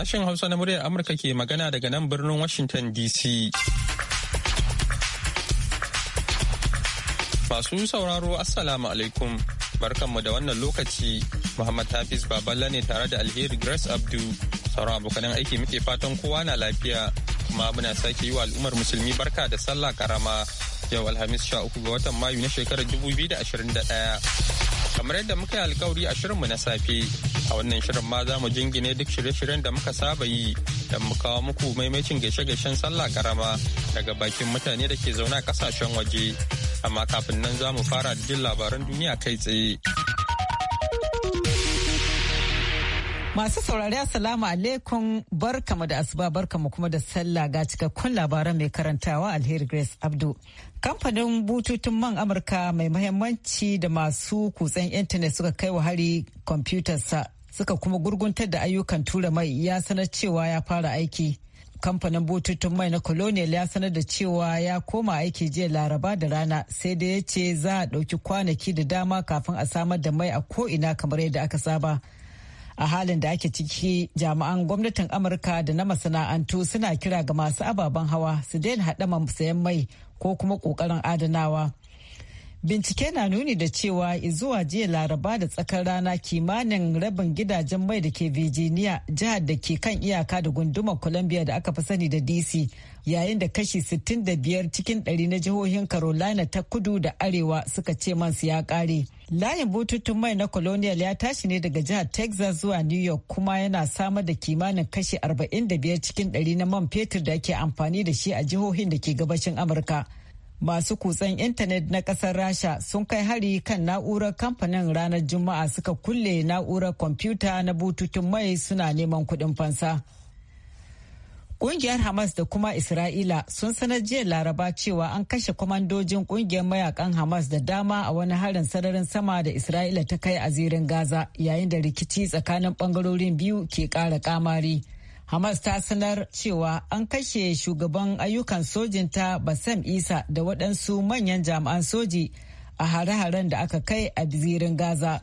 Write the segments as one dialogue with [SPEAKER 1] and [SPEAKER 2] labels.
[SPEAKER 1] Sashen Hausa na muryar Amurka ke magana daga nan birnin Washington DC. Masu sauraro Assalamu alaikum. Barkanmu da wannan lokaci, Muhammad Hafiz Baballa ne tare da Alheri Grace Abdu. Sauran abokanan aiki muke fatan kowa na lafiya, kuma muna sake yi wa al'ummar musulmi barka da sallah karama. Yau Alhamis 13 ga watan Mayu na shekarar 2021. kamar yadda muka yi alkawari a shirinmu na safe a wannan shirin ma za mu jingine duk shirye-shiryen da muka saba yi da mu kawo muku maimacin gaishe-gaishen sallah karama daga bakin mutane da ke zaune a kasashen waje amma kafin nan za mu fara da jin labaran duniya kai tsaye.
[SPEAKER 2] Masu saurari Assalamu alaikum barkamu da asuba barkamu kuma da sallah ga cikakkun labaran mai karantawa alheri Grace Abdu. Kamfanin bututun man Amurka mai mahimmanci da masu kutsen intanet suka kai wa hari kwamfutarsa suka kuma gurguntar da ayyukan tura mai ya sanar cewa ya fara aiki. Kamfanin bututun mai na Colonial ya sanar da cewa ya koma aiki jiya laraba da rana sai da ya ce za a ɗauki kwanaki da dama kafin a samar da mai a ko'ina kamar yadda aka saba. a halin da ake ciki jami'an gwamnatin amurka da na masana'antu suna kira ga masu ababen hawa su daina haɗama sayan mai ko kuma ƙoƙarin adanawa bincike na nuni da cewa izuwa jiya laraba da tsakar rana kimanin rabin gidajen mai da ke virginia jihar da ke kan iyaka da gundumar columbia da aka fi sani da dc yayin da kashi 65 cikin ɗari na jihohin Carolina ta kudu da arewa suka ce mansu ya kare. Layin bututun mai na Colonial ya tashi ne daga jihar Texas zuwa New York kuma yana samar da kimanin kashi 45 cikin ɗari na man fetur da ake amfani da shi a jihohin da ke gabashin Amurka. masu kutsen intanet na kasar rasha sun kai hari kan na'urar kamfanin ranar juma'a suka kulle na'urar kwamfuta na bututun mai suna neman kuɗin fansa Kungiyar Hamas da kuma Isra'ila sun sanar jiya Laraba cewa an kashe kwamandojin kungiyar mayakan Hamas da dama a wani harin sararin sama da Isra'ila ta kai a zirin Gaza yayin da rikici tsakanin bangarorin biyu ke ƙara kamari. Hamas ta sanar cewa an kashe shugaban ayyukan sojinta Bassam Isa da waɗansu manyan jami'an soji a hare-haren da aka kai a zirin Gaza.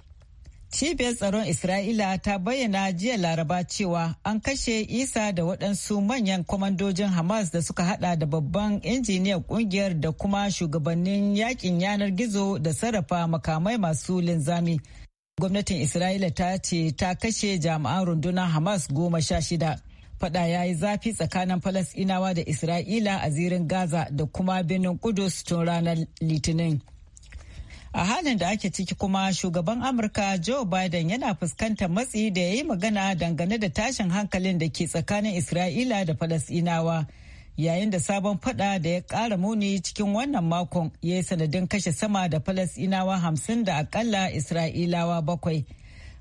[SPEAKER 2] Cibiyar tsaron Isra'ila ta bayyana jiya Laraba cewa an kashe Isa da waɗansu manyan kwamandojin Hamas da suka hada da babban injiniyar kungiyar da kuma shugabannin yakin yanar gizo da sarrafa makamai masu linzami. Gwamnatin Isra'ila ta ce ta kashe jami'an rundunar Hamas goma sha shida. Fada ya yi zafi tsakanin Falasɗinawa da Isra'ila a zirin Gaza da kuma birnin Kudus tun ranar Litinin. a halin da ake ciki kuma shugaban amurka joe biden yana fuskantar matsi da ya yi magana dangane da tashin hankalin da ke tsakanin isra'ila da falasinawa yayin da sabon fada da ya ƙara muni cikin wannan makon ya yi sanadin kashe sama da falasinawa hamsin da akalla isra'ilawa bakwai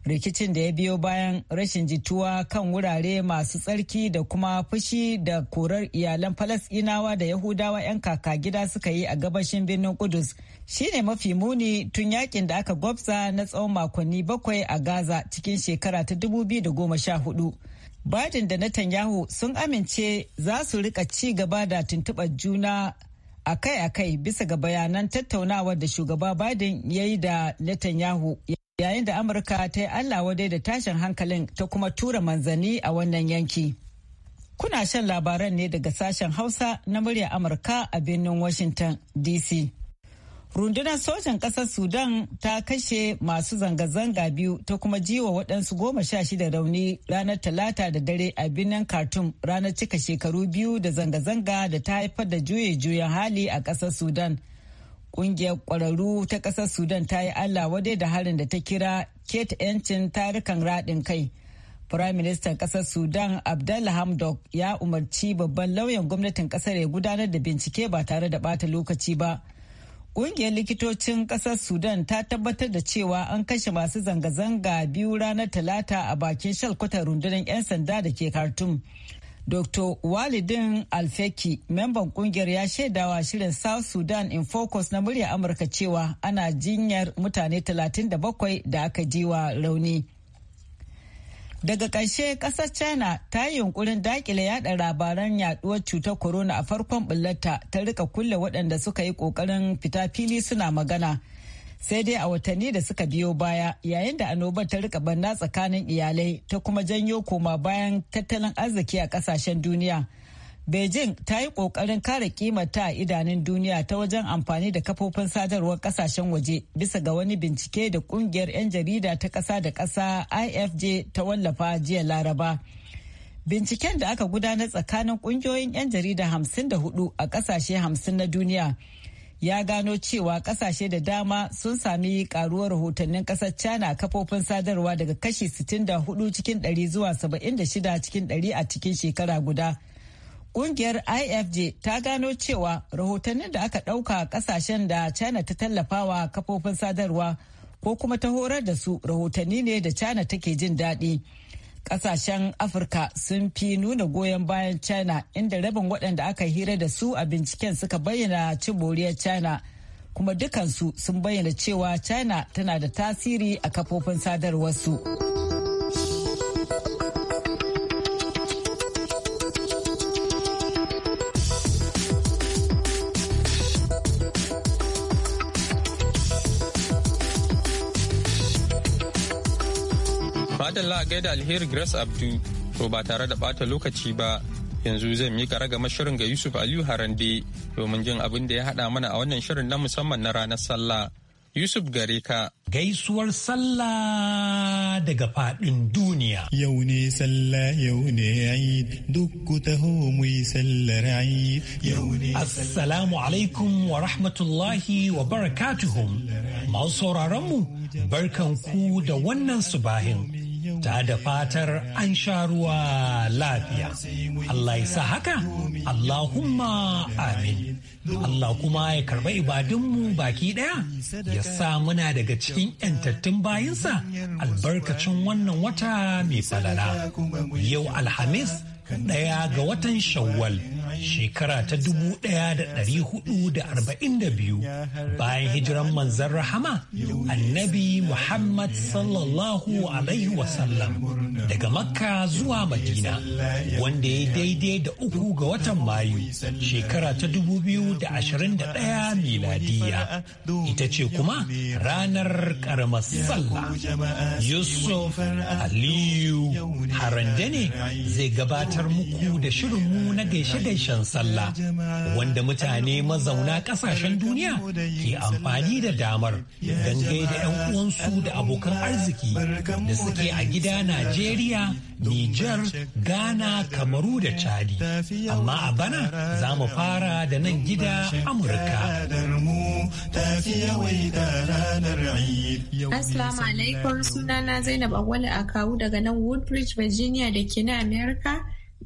[SPEAKER 2] rikicin da ya biyo bayan rashin jituwa kan wurare masu tsarki da kuma fushi da korar iyalan falasɗinawa da yahudawa 'yan kaka gida suka yi a gabashin birnin kudus shine mafi muni tun yakin da aka gwabza na tsawon makonni bakwai a gaza cikin shekara ta 2014 Biden da Netanyahu sun amince za su rika ci gaba da tuntuɓar juna akai-akai bisa ga bayanan tattaunawar da shugaba Biden ya yi da Netanyahu. yayin da amurka ta yi allah wadai da tashin hankalin ta kuma tura manzanni a wannan yanki kuna shan labaran ne daga sashen hausa na murya amurka a birnin washington dc rundunar sojan ƙasar sudan ta kashe masu zanga-zanga biyu ta kuma jiwa waɗansu goma sha shida rauni ranar talata da dare a birnin khartoum ranar cika shekaru biyu da zanga-zanga da ta haifar da juye-juyen hali a ƙasar sudan Kungiyar ƙwararru ta ƙasar Sudan ta yi Allah wadai da harin da ta kira kate 'yancin tarukan raɗin kai. Firaministan ƙasar Sudan Abdallah Hamdok ya umarci babban lauyan gwamnatin ƙasar ya gudanar da bincike ba tare da bata lokaci ba. Ƙungiyar likitocin ƙasar Sudan ta tabbatar da cewa an kashe masu zanga-zanga biyu ranar Talata a bakin shalkwatar rundunar 'yan sanda da ke Khartoum. Dr. Walidin Alfeki, memban kungiyar ya shaidawa shirin South Sudan in Focus na murya Amurka cewa ana jinyar mutane 37 da aka jiwa rauni. Daga ƙarshe ƙasar China ta yi yunkurin dakile yada labaran yaduwar cutar corona a farkon bullata ta rika kulle waɗanda suka yi ƙoƙarin fita fili suna magana. sai dai a watanni da suka biyo baya yayin da annobar ta rika banna tsakanin iyalai ta kuma janyo koma bayan tattalin arziki a kasashen duniya beijing ta yi kokarin kare kimata a idanun duniya ta wajen amfani da kafofin sadarwar kasashen waje bisa ga wani bincike da kungiyar 'yan jarida ta kasa da kasa ifj ta wallafa jiya laraba binciken da aka gudanar tsakanin kungiyoyin 'yan jarida 54 a kasashe 50 na duniya ya gano cewa kasashe da dama sun sami karuwar rahotannin kasar china kafofin sadarwa daga kashi 64 cikin 100 zuwa 76 cikin 100 a cikin shekara guda kungiyar ifj ta gano cewa rahotannin da aka ɗauka kasashen da china ta tallafawa kafofin sadarwa ko kuma ta horar da su rahotanni ne da china take jin daɗi. Kasashen Afirka sun fi nuna goyon bayan China inda rabin waɗanda aka hira da su a binciken suka bayyana ciboriyar China kuma dukansu sun bayyana cewa China tana da tasiri a kafofin sadarwarsu.
[SPEAKER 1] Madalla gaida alheri Grace Abdu, to ba tare da bata lokaci ba, yanzu zai mika ga shirin ga Yusuf Aliyu Harande domin jin abin da ya hada mana a wannan shirin na musamman na ranar sallah. Yusuf gare ka.
[SPEAKER 3] Gaisuwar sallah daga fadin duniya. Yau ne sallah yau ne ayi duk ku taho mu sallar ayi yau ne. Assalamu alaikum wa rahmatullahi wa barakatuhum. Masu sauraron mu barkan ku da wannan subahin. ta da fatar an sha ruwa lafiya. Allah ya sa haka, Allahumma amin. Allah kuma ya karɓi ibadunmu baki ɗaya, ya sa muna daga cikin ‘yantattun bayinsa albarkacin wannan wata mai falala. Yau Alhamis ɗaya ga watan Shawwal. shekara ta 1442 bayan hijiran manzan rahama annabi Muhammad sallallahu Alaihi wasallam daga Makka zuwa Madina wanda ya daidai da uku ga watan Mayu shekara ta da ashirin 2021 miladiya ita ce kuma ranar karamar sallah Yusuf Aliyu Harande ne zai gabatar muku da shirin mu na gaishe-gaishe shan sallah wanda mutane mazauna kasashen duniya ke amfani da damar don da 'yan uwansu da abokan arziki da suke a gida Najeriya, Nijar, Ghana, Kamaru da Chadi. Amma a bana za mu fara da nan gida Amurka. Assalamu alaikum
[SPEAKER 4] sunana Zainab Awali a Akawu daga nan Woodbridge, Virginia da ke na Amerika.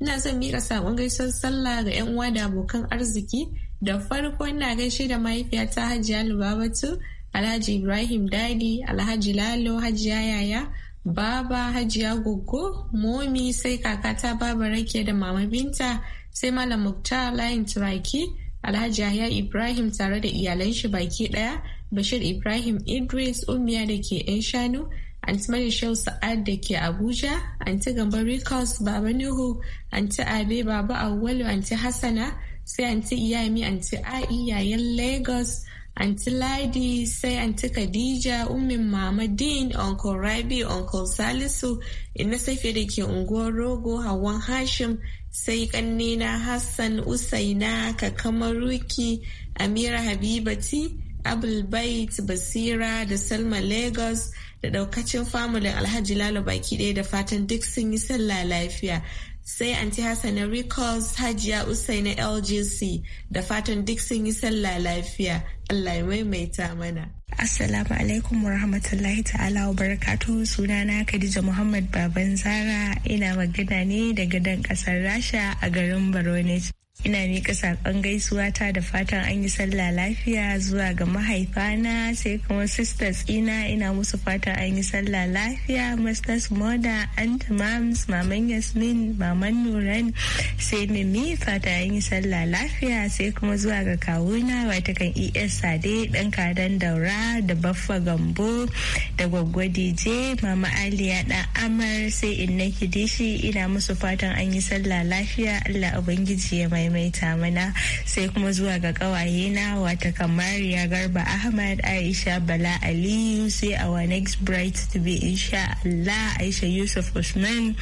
[SPEAKER 4] ina zan mika sakon gaisuwar sallah ga 'yan uwa da abokan arziki da farko ina gaishe da mahaifiyata hajiya lubabatu alhaji ibrahim dadi alhaji lalo hajiya yaya baba hajiya goggo momi sai kakata baba rake da mama binta sai malam muktar layin turaki alhaji yahya ibrahim tare da iyalan shi baki daya bashir ibrahim idris umiya da ke yan shanu anti Marishau Sa'ad da ke Abuja, anti gamba Ricos Baba Nuhu, anti Abe Baba Awwalu, anti Hassana, sai anti Iyami, anti A'i yayin Lagos, anti Ladi, sai anti Khadija, Ummin Mama din Uncle Rabi, Uncle Salisu, ina Safiya da ke unguwar Rogo, Hawan Hashim, sai kannena Hassan Usaina, Kakamaruki, Amira Habibati, Abulbait Basira da Salma Lagos. da daukacin famulin alhaji lalo baki ɗaya da fatan duk sun yi sallah lafiya sai anti hassana recalls hajiya usai na lgc da fatan duk sun yi sallah lafiya allah ya maimaita mana
[SPEAKER 5] Assalamu alaikum warahmatullahi ta'ala wa barakatu sunana Khadija Muhammad Baban Zara ina magana ne daga dan kasar Rasha a garin baronis ina miƙa saƙon gaisuwa ta da fatan an yi sallah lafiya zuwa ga mahaifana sai kuma sisters ina ina musu fatan an yi sallah lafiya masters moda aunt mams maman yasmin maman nuran sai mimi fata an yi sallah lafiya sai kuma zuwa ga kawuna wata kan es sade dan kadan daura da baffa gambo da gwaggwa dj mama aliya da amar sai inna kidishi ina musu fatan an yi sallah lafiya allah ubangiji ya mai maimaita mana sai kuma zuwa ga kawaye na wata kamariya garba ahmad aisha bala aliyu sai our next bright to be insha allah aisha yusuf usman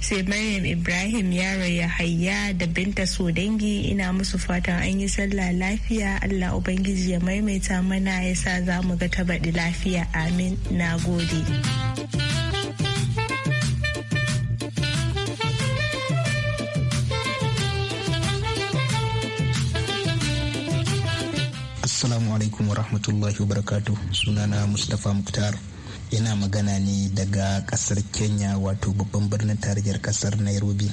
[SPEAKER 5] sai maryam ibrahim yaro hayya da binta so dangi ina musu fatan an yi sallah lafiya allah ubangiji ya maimaita mana ya sa za mu ga tabaɗi lafiya amin na gode.
[SPEAKER 6] Assalamu alaikum wa rahmatullahi wa sunana Mustapha Muktar. Ina magana ne daga kasar Kenya wato babban birnin tarihiyar kasar Nairobi.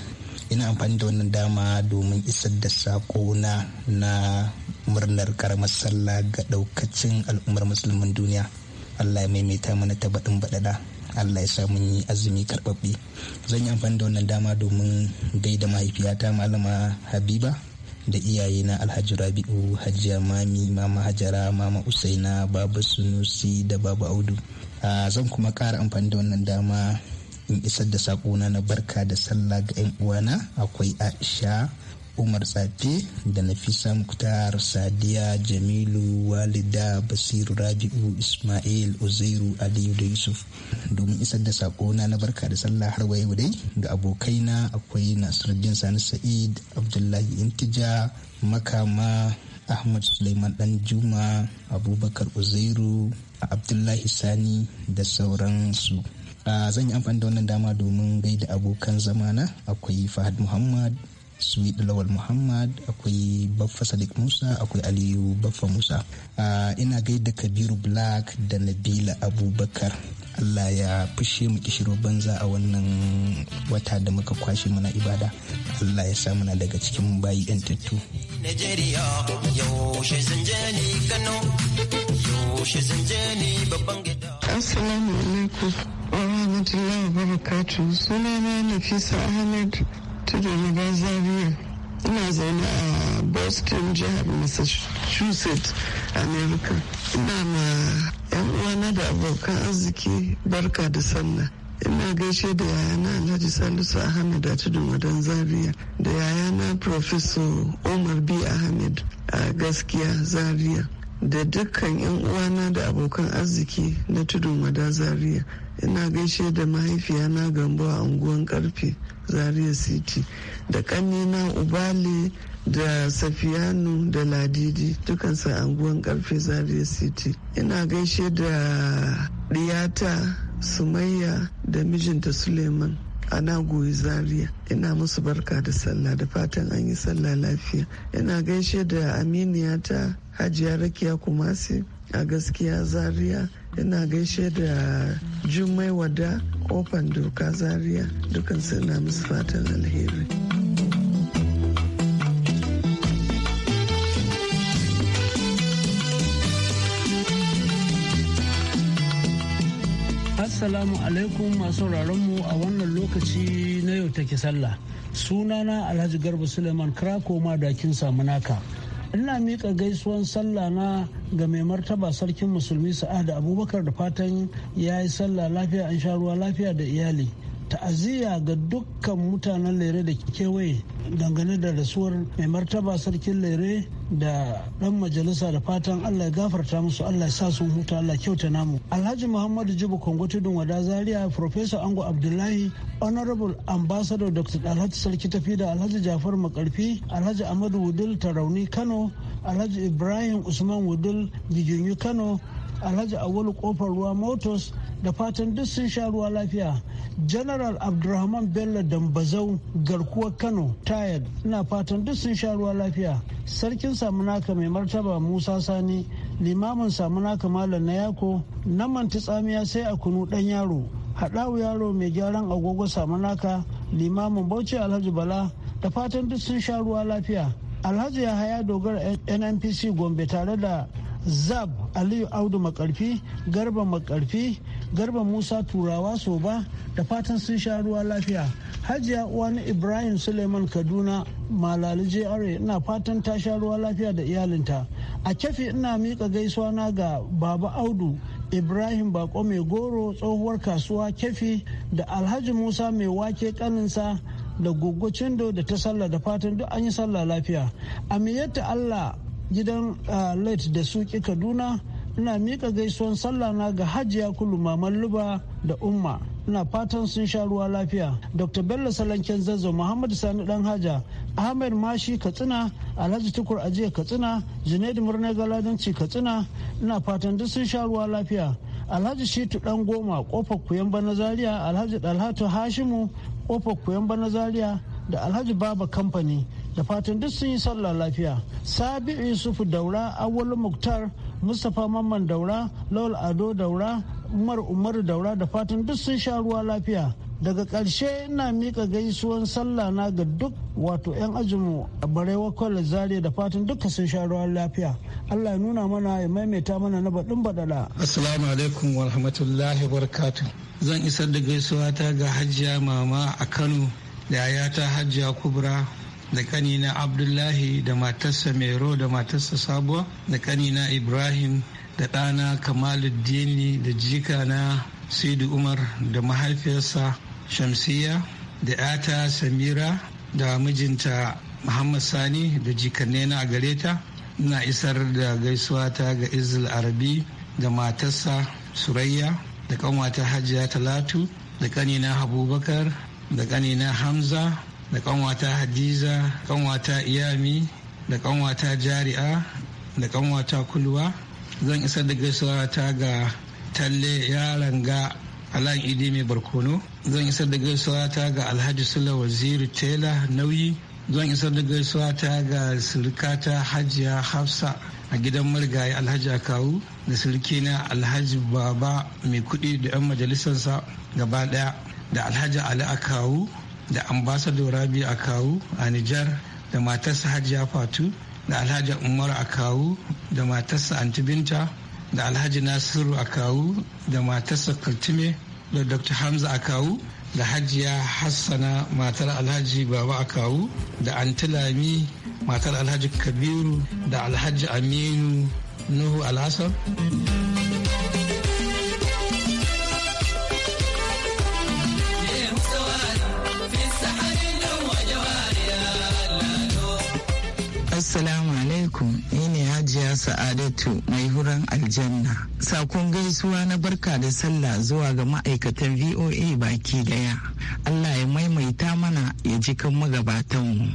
[SPEAKER 6] Ina amfani da wannan dama domin isar da saƙo na na murnar karamar sallah ga daukacin al'ummar musulmin duniya. Allah ya maimaita mana ta baɗin baɗaɗa. Allah ya sa yi azumi karɓaɓɓe. Zan yi amfani da wannan dama domin gaida mahaifiyata malama Habiba da iyaye na alhaji rabi'u hajiya mami mama hajara mama usaina baba sunusi da baba audu zan kuma ƙara amfani da wannan dama in isar da saƙo na barka da sallah ga 'yan uwana akwai aisha umar tsafe da nafisa muktar sadiya jamilu walida basiru rabi'u ismail uzairu aliyu da yusuf domin isar da sakona na na barka da sallah har waye dai ga abokaina akwai nasiruddin sani sa'id abdullahi intija makama ahmad suleiman dan juma abubakar uzairu abdullahi sani da sauransu ah, zan yi amfani da wannan dama domin gaida abokan zamana akwai fahad muhammad da Lawal Muhammad akwai Baffa Sadiq Musa akwai Aliyu Baffa Musa ina gaida Kabiru Black da Nabila Abubakar Allah ya fushe mu kishiro banza a wannan wata da muka kwashe mana ibada Allah ya samu na daga cikin bayi yan tattu
[SPEAKER 4] Assalamu alaikum wa rahmatullahi wa barakatuh sunana Nafisa Ahmed
[SPEAKER 7] tudun zaria ina zaune a boston jihar massachusetts america ina ma yan uwana da abokan
[SPEAKER 8] arziki barka da sallah ina gaishe da yayana alhaji salisu ahmed a tudun wadan zaria da yayana professor umar b ahmed a gaskiya zaria da dukkan 'yan uwana da abokan arziki na tudun wada zaria ina gaishe da mahaifiya na gambo a unguwan karfe zaria city da ƙannina ubale da safiyanu da ladidi dukansa a unguwan karfe zaria city ina gaishe da ɗiyata sumayya da mijinta suleiman ana goyi zaria ina musu barka da sallah da fatan an yi sallah lafiya ina gaishe da aminiya ta hajiya rakiya kumasi a gaskiya zaria ina gaishe da jummai wada kofan doka zaria dukansu ina musu fatan alheri
[SPEAKER 9] Assalamu alaikum masu mu a wannan lokaci na yau take sallah. Sunana Alhaji Garba Suleiman Krako madakin samunaka. Ina miƙa gaisuwan sallah na ga mai martaba sarkin musulmi sa'ada abubakar da fatan ya yi sallah lafiya an sha ruwa lafiya da iyali. ta'aziyya ga dukkan mutanen lere da kewaye dangane da rasuwar mai martaba sarkin lere da ɗan majalisa da fatan allah ya gafarta musu allah ya sa sun huta allah kyauta namu alhaji muhammadu jibu kongo tudun wada zaria professor ango abdullahi honorable ambassador dr alhaji sarki tafi da alhaji jafar makarfi alhaji Ahmadu wudul tarauni kano alhaji ibrahim usman wudul gijinyu kano alhaji awolu kofar ruwa motors da fatan duk sun sha ruwa lafiya general abdulrahman bello dambazau garkuwar kano tayad ina fatan duk sun sha ruwa lafiya sarkin samunaka mai martaba musa sani limamin samunaka malam na yako na manti tsamiya sai a kunu dan yaro haɗawu yaro mai gyaran agogo samunaka limamin bauchi alhaji bala da fatan duk sun sha ruwa lafiya alhaji ya haya dogara nnpc gombe tare da zab aliyu audu makarfi garba makarfi garba musa turawa so ba da fatan sun sha ruwa lafiya hajiya uwani ibrahim suleiman kaduna malali jra ina fatan ta sha ruwa lafiya da iyalinta a kefi ina miƙa gaisuwa na ga baba audu ibrahim bako mai goro tsohuwar kasuwa kefi da alhaji musa mai wake kaninsa da gogo cindo da ta sallah da fatan duk an yi sallah lafiya a miyatta allah gidan ah, late da suki kaduna ina mika gaisuwan sallah na ga hajiya kulu maman luba da umma ina fatan sun sha ruwa lafiya dr bello salanken zazzo muhammadu sani dan haja ahmed mashi katsina alhaji tukur ajiya katsina junaidu murna galadanci katsina ina fatan duk sun sha ruwa lafiya alhaji shitu dan goma kofa kuyan bana zaria alhaji dalhatu hashimu kofa kuyan bana zariya da alhaji baba kamfani da fatan duk sun yi sallah lafiya sabi yusufu daura awwalu muktar mustapha mamman daura lawal ado daura umar Umar daura da fatan duk sun sha ruwa lafiya daga ƙarshe ina mika gaisuwan sallah na ga duk wato 'yan ajinmu a barewa kwallon zare da fatan duka sun sha ruwan lafiya allah ya nuna mana ya maimaita mana na baɗin baɗala
[SPEAKER 10] assalamu alaikum wa rahmatullahi barakatu zan isar da gaisuwa ta ga hajiya mama a kano da yayata hajiya kubra da kanina abdullahi da matarsa mero da matarsa sabuwa da kanina ibrahim da ɗana kamaluddini da jika na saidu umar da mahaifiyarsa shamsiya da 'yata samira da mijinta muhammad sani da jikanne na gare ta ina isar da gaisuwa ta ga izil arabi da matarsa surayya da kanwata hajiya talatu da kanina abubakar da kanina hamza da kanwata hadiza kanwata iyami da kanwata jari'a da kanwata kulwa zan isar da gaisuwa ga talle yaran ga alan idi mai barkono zan isar da gaisuwa ta ga alhaji sula waziri tela nauyi zan isar da gaisuwa ga surikata hajiya hafsa a gidan marigayi alhaji akawu da surikina alhaji baba mai kudi da 'yan majalisarsa gaba daya da alhaji ali akawu da ambassador rabi a akawu a nijar da matarsa hajiya fatu da alhaji umar a akawu da matarsa antibinta da alhaji nasiru a akawu da matarsa kaltume da dr hamza a akawu da hajiya hassana matar alhaji baba a akawu da antilami matar alhaji kabiru da alhaji aminu nuhu al'asar.
[SPEAKER 8] alaikum ni ne hajiya sa'adatu mai huran aljanna sakon gaisuwa na barka da sallah zuwa ga ma'aikatan voa baki daya allah ya maimaita mana ya ji kan magabatanmu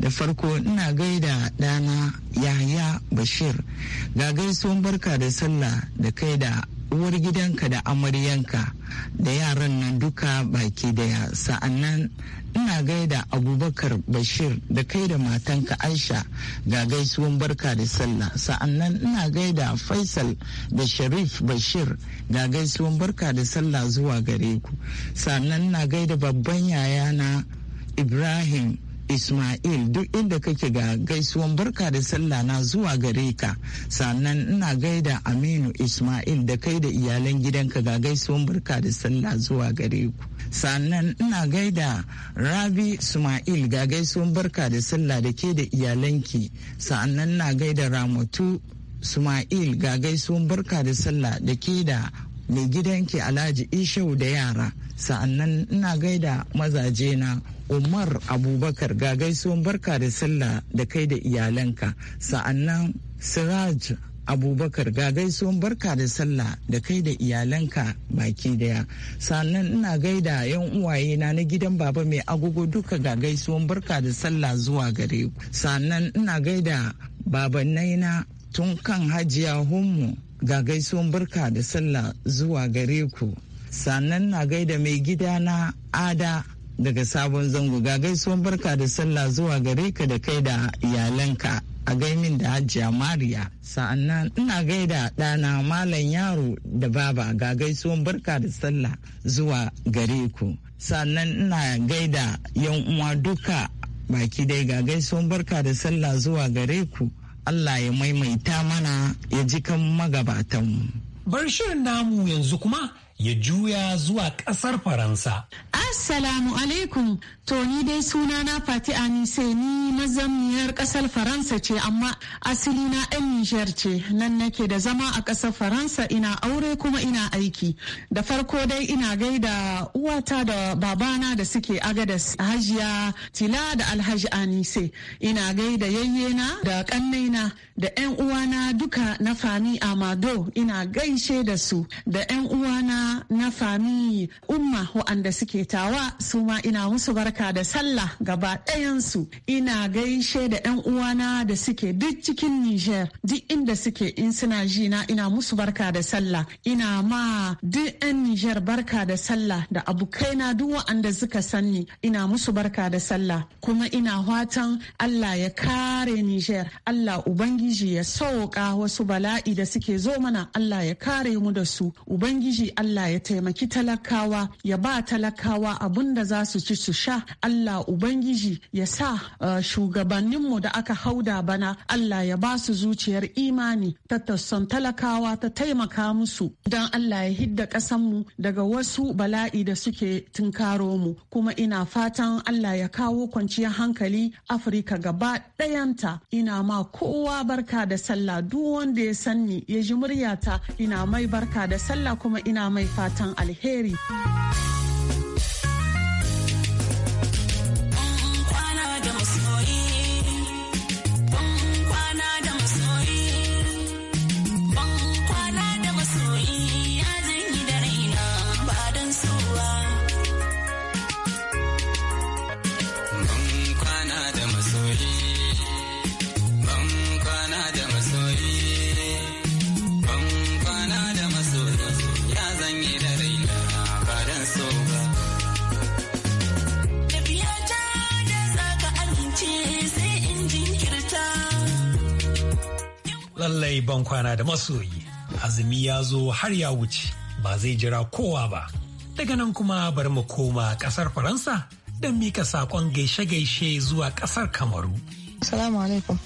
[SPEAKER 8] da farko ina gaida ɗana yahya bashir ga gaisuwan barka da sallah da kai da uwar gidanka da amaryanka da yaran nan duka baki daya nan ina gaida abubakar bashir da kai da matanka aisha ga gaisuwan barka da sallah nan ina gaida faisal da sharif bashir ga gaisuwan barka da sallah zuwa gare ku sa'an nan ina gaida babban yayana ibrahim Ismail duk inda kake ga gaisuwan barka da sallah na zuwa gare ka sannan ina gaida Aminu Ismail da kai da iyalan gidanka ga gaisuwan barka da sallah zuwa gare ku sannan ina gaida Rabi Ismail ga gaisuwan barka da sallah da ke da iyalanki sannan ina gaida Ramatu Ismail ga gaisuwan barka da sallah da ke da mai gidanki Alhaji Ishau da yara sa'annan ina gaida mazaje na Umar Abubakar ga gaisuwan barka da sallah da kai da iyalanka sa'annan Siraj abubakar ga gaisuwan barka da sallah da kai da iyalanka baki daya sannan ina gaida yan uwaye na na gidan baba mai agogo duka ga gaisuwan barka da sallah zuwa gare ku sannan ina gaida babannai na tun kan hajiya hunmu ga gaisuwan barka da sallah zuwa gare ku sannan na gaida mai gida na ada daga sabon zango ga gaisuwan barka da sallah zuwa gare ka da kai da iyalanka a gaimin da hajiya mariya sa'annan ina gaida ɗana malam yaro da baba ga gaisuwan barka da sallah zuwa gare ku sannan ina gaida yan uwa duka baki dai ga gaisuwan barka da sallah zuwa gare ku allah ya maimaita
[SPEAKER 3] mana ya ji kan magabatanmu bar shirin namu yanzu kuma ya juya zuwa ƙasar Faransa.
[SPEAKER 7] Assalamu alaikum, to ni dai suna na Fati Anise ni mazamiyar ƙasar Faransa ce amma asali na ɗan Nijar ce nan nake da zama a ƙasar Faransa ina aure kuma ina aiki. Da farko dai ina gaida uwata da babana da suke agadas Hajiya Tila da Alhaji Anise. Ina gaida yayyena da ƙannaina da 'yan uwana duka na Fani Amado ina gaishe da su da 'yan uwana na fami umma waɗanda suke tawa su ma ina musu barka da sallah gaba ɗayansu ina gaishe da ɗan uwana da suke duk cikin Nijar duk inda suke in suna ji na ina musu barka da sallah ina ma duk ɗan Nijar barka da sallah da abokaina duk waɗanda suka sanni ina musu barka da sallah kuma ina watan Allah ya kare Nijar Allah Ubangiji ya sauka wasu bala'i da suke zo mana Allah ya kare mu da su Ubangiji Allah Allah ya taimaki talakawa ya ba talakawa abun da za su ci su sha Allah Ubangiji ya sa uh, shugabanninmu da aka hauda bana Allah ya ba su zuciyar imani ta tasson talakawa ta taimaka musu don Allah ya hidda ƙasanmu daga wasu bala'i da suke tunkaro mu kuma ina fatan Allah ya kawo kwanciyar hankali Afirka gaba ɗayanta ina ma kowa barka da sallah duk wanda ya sanni ya ji muryata ina mai barka da sallah kuma ina mai fatan alheri.
[SPEAKER 3] yi ban kwana da masoyi azumi ya zo har ya wuce ba zai jira kowa ba daga nan kuma bari mu koma kasar faransa don mika saƙon gaishe-gaishe zuwa kasar kamaru
[SPEAKER 11] salamu alaikum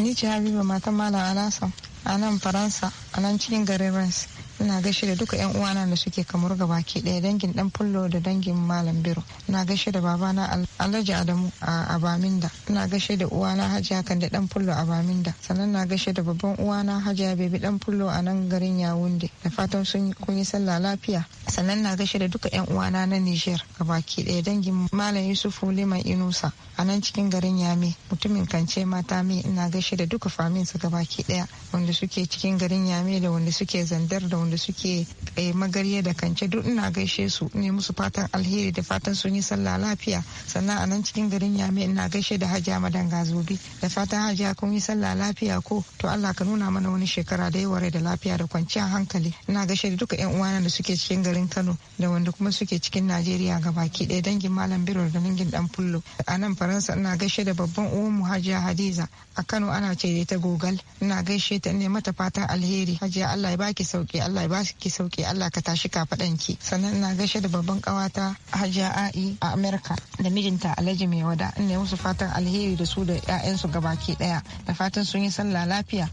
[SPEAKER 11] ni ce habiba matan malam alasan a nan faransa a nan cikin garin rance ina gaishe da duka 'yan uwana da suke kamar gabaki ɗaya dangin dan fullo da dangin malam biro ina gaishe da babana alhaji adamu a abaminda ina gaishe da uwana hajiya kan da dan fullo a abaminda sannan na gaishe da babban uwana hajiya bebi dan fullo a nan garin yawunde da fatan sun kun yi sallah lafiya sannan na gaishe da duka 'yan uwana na niger gabaki daya dangin malam yusufu liman inusa a nan cikin garin yame mutumin kance mata mai ina gaishe da duka famin su gabaki ɗaya wanda suke cikin garin yame da wanda suke zandar da wanda suke eh, magarya da kance duk ina gaishe su ne musu fatan alheri da fatan sun yi sallah lafiya sannan a nan cikin garin yame ina gaishe da hajiya madan zobi da fatan hajiya kun yi sallah lafiya ko to Allah ka nuna mana wani shekara da yawa da lafiya da kwanciyar hankali ina gaishe da duka yan uwana da suke cikin garin Kano da wanda kuma suke cikin Najeriya gabaki ɗaya dangin malam Biro da dangin dan Fullo a nan Faransa ina gaishe da babban mu hajiya Hadiza a Kano ana ce ta gogal ina gaishe ta ne mata fatan alheri hajiya Allah ya baki sauki Allah Allah ya ba ki sauki Allah ka tashi ka ki sannan na gaishe da babban kawata Hajiya A'i a Amerika da mijinta Alhaji Mai Wada ina musu fatan alheri da su da 'ya'yansu gabaki daya da fatan sun yi sallah lafiya.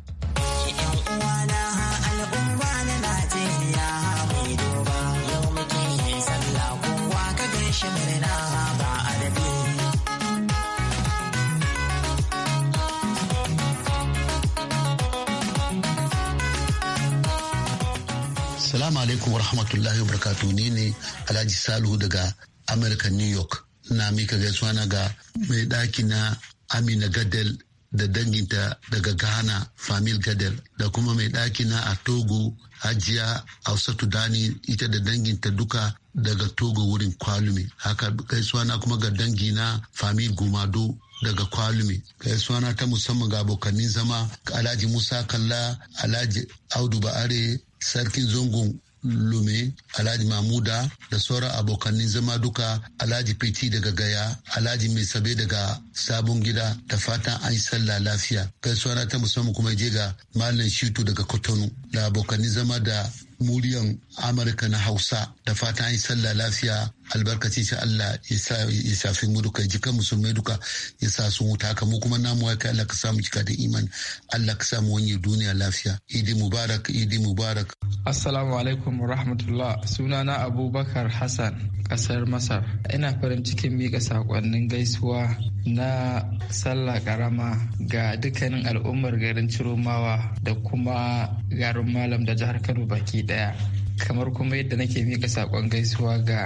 [SPEAKER 12] Assalamu alaikum warahmatullahi wabarakatuh ni ne Alhaji Salihu daga Amurka New York. Na mika gaisuwa na ga mai ɗaki na Amina Gadel da danginta daga Ghana Famil Gadel da kuma mai ɗaki na a Togo Hajiya Hausatu Dani ita da danginta duka daga Togo wurin Kwalume. Haka gaisuwa na kuma ga dangi na Famil Gumado daga kwalume gaisuwa na ta musamman ga abokanin zama alhaji musa kalla alhaji audu ba'are sarkin zangon lume alhaji mamuda da sauran abokanin zama duka alhaji fiti daga gaya alhaji mai sabe daga sabon gida da fatan an yi sallah lafiya gaisuwa ta musamman kuma je ga malam shitu daga kotonu da abokanin zama da muryan amurka na hausa da fatan an yi sallah lafiya albarkaci shi Allah ya shafi mu duka jikan musulmai duka ya sa sun wuta haka mu kuma namu haka Allah ka samu jika da iman Allah ka samu wani duniya lafiya idi mubarak idi mubarak assalamu alaikum wa rahmatullah sunana
[SPEAKER 10] abubakar hassan kasar masar ina farin cikin miƙa saƙonnin gaisuwa na sallah karama ga dukkanin al'ummar garin ciromawa da kuma garin malam da jihar kano baki daya kamar kuma yadda nake mika sakon gaisuwa ga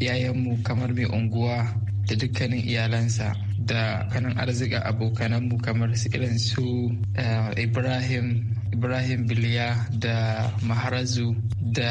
[SPEAKER 10] yayanmu kamar mai unguwa da dukkanin iyalansa da kanan arzika abokananmu kamar su irin su ibrahim ibrahim biliya da maharazu da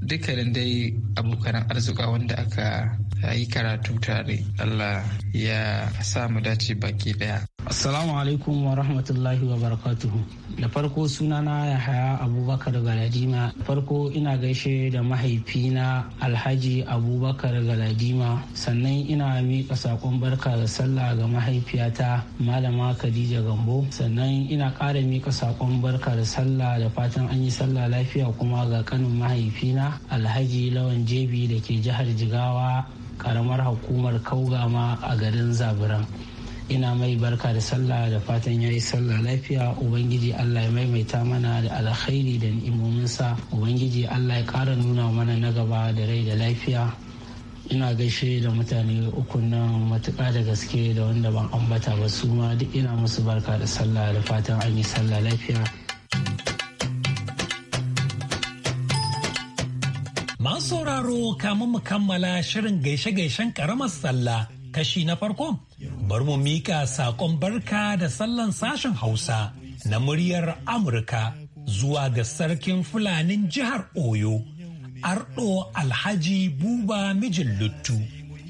[SPEAKER 10] dukkanin dai abokanan arzika wanda aka a yi karatu tare Allah ya sa mu dace baki daya assalamu alaikum wa rahmatullahi wa barakatuhu da farko sunana ya haya abubakar galadima farko ina gaishe da mahaifina alhaji abubakar galadima sannan ina miƙa saƙon barka da sallah ga mahaifiyata malama khadija gambo sannan ina ƙara miƙa saƙon barka da sallah da fatan an yi sallah lafiya kuma ga kanin mahaifina alhaji lawan jebi da ke jihar jigawa karamar hukumar ma a garin zaburan ina mai barka da sallah da fatan ya yi sallah lafiya ubangiji allah ya maimaita mana da alkhairi da ni'imominsa ubangiji allah ya ƙara nuna mana na gaba da rai da lafiya ina gaishe da mutane uku nan matuƙa da gaske da wanda ban ambata ba su ma duk ina musu barka da sallah da fatan an yi sallah lafiya
[SPEAKER 3] mu kamun mu kammala shirin gaishe-gaishen karamar sallah kashi na farko Bar mu mika saƙon barka da sallan sashen hausa na muryar amurka zuwa ga sarkin fulanin jihar oyo Arɗo alhaji buba mijin luttu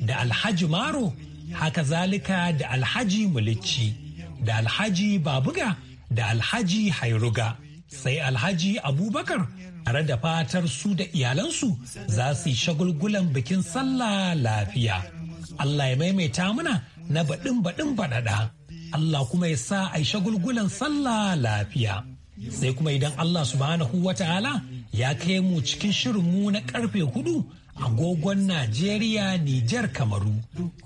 [SPEAKER 3] da alhaji maro haka zalika da alhaji mulicci da alhaji babuga da alhaji hairuga sai alhaji abubakar tare da fatar su da iyalansu za su yi shagulgulan bikin sallah lafiya. Allah ya maimaita mana na baɗin baɗin baɗaɗa. Allah kuma ya sa a yi shagulgulan sallah lafiya. Sai kuma idan Allah subhanahu wa ta'ala ya kai mu cikin shirin mu na karfe hudu agogon Najeriya, Nijar, Kamaru.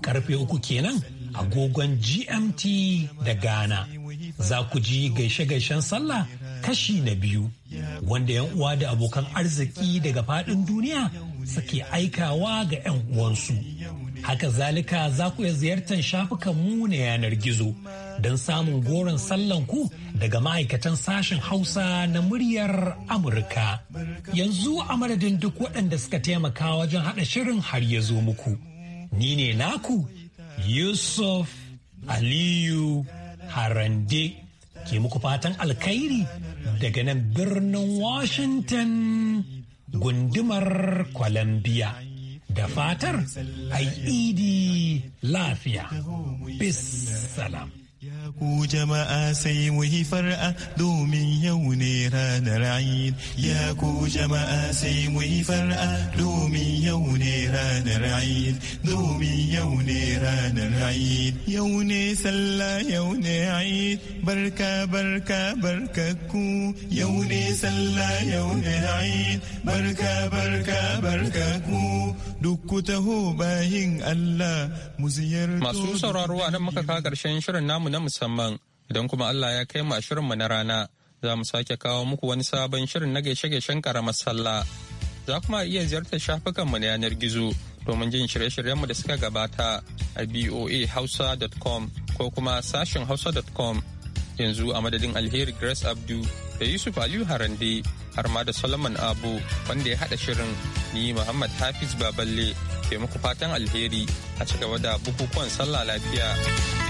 [SPEAKER 3] Karfe uku kenan agogon GMT da Ghana. Za ku ji gaishe-gaishen sallah kashi na biyu wanda 'yan uwa da abokan arziki daga faɗin duniya suke aikawa ga 'yan uwansu. Haka zalika za ku iya ziyartar shafukanmu na yanar gizo don samun goron sallan ku daga ma'aikatan sashen Hausa na muryar Amurka. Yanzu a madadin duk waɗanda suka taimaka wajen haɗa shirin har ya zo muku. Ni ne naku Yusuf Aliyu Harande. ke muku fatan alkhairi daga nan birnin Washington gundumar Columbia. Da fatar ai idi lafiya. Bis salam. ku jama'a sai mu yi far'a domin yau ne ranar Eid ya ku jama'a sai mu yi far'a domin yau ne ranar Eid domin yau ne ranar Eid yau ne sallah yau ne Eid barka barka barka ku yau ne sallah yau ne Eid barka barka barka ku duk ku taho bayin Allah mu ziyarto masu sauraro a
[SPEAKER 1] nan muka kawo karshen shirin namu na musamman idan kuma Allah ya kai mu shirinmu na rana za mu sake kawo muku wani sabon shirin na gaishe-gaishen karamar sallah. Za kuma iya ziyartar shafukanmu na yanar gizo domin jin shirye-shiryenmu da suka gabata a boahausa.com ko kuma sashin hausa.com yanzu a madadin alheri Grace Abdu da Yusuf Aliyu Harande har ma da Solomon Abu wanda ya haɗa shirin ni Muhammad Hafiz Baballe ke muku fatan alheri a cigaba da bukukuwan sallah lafiya.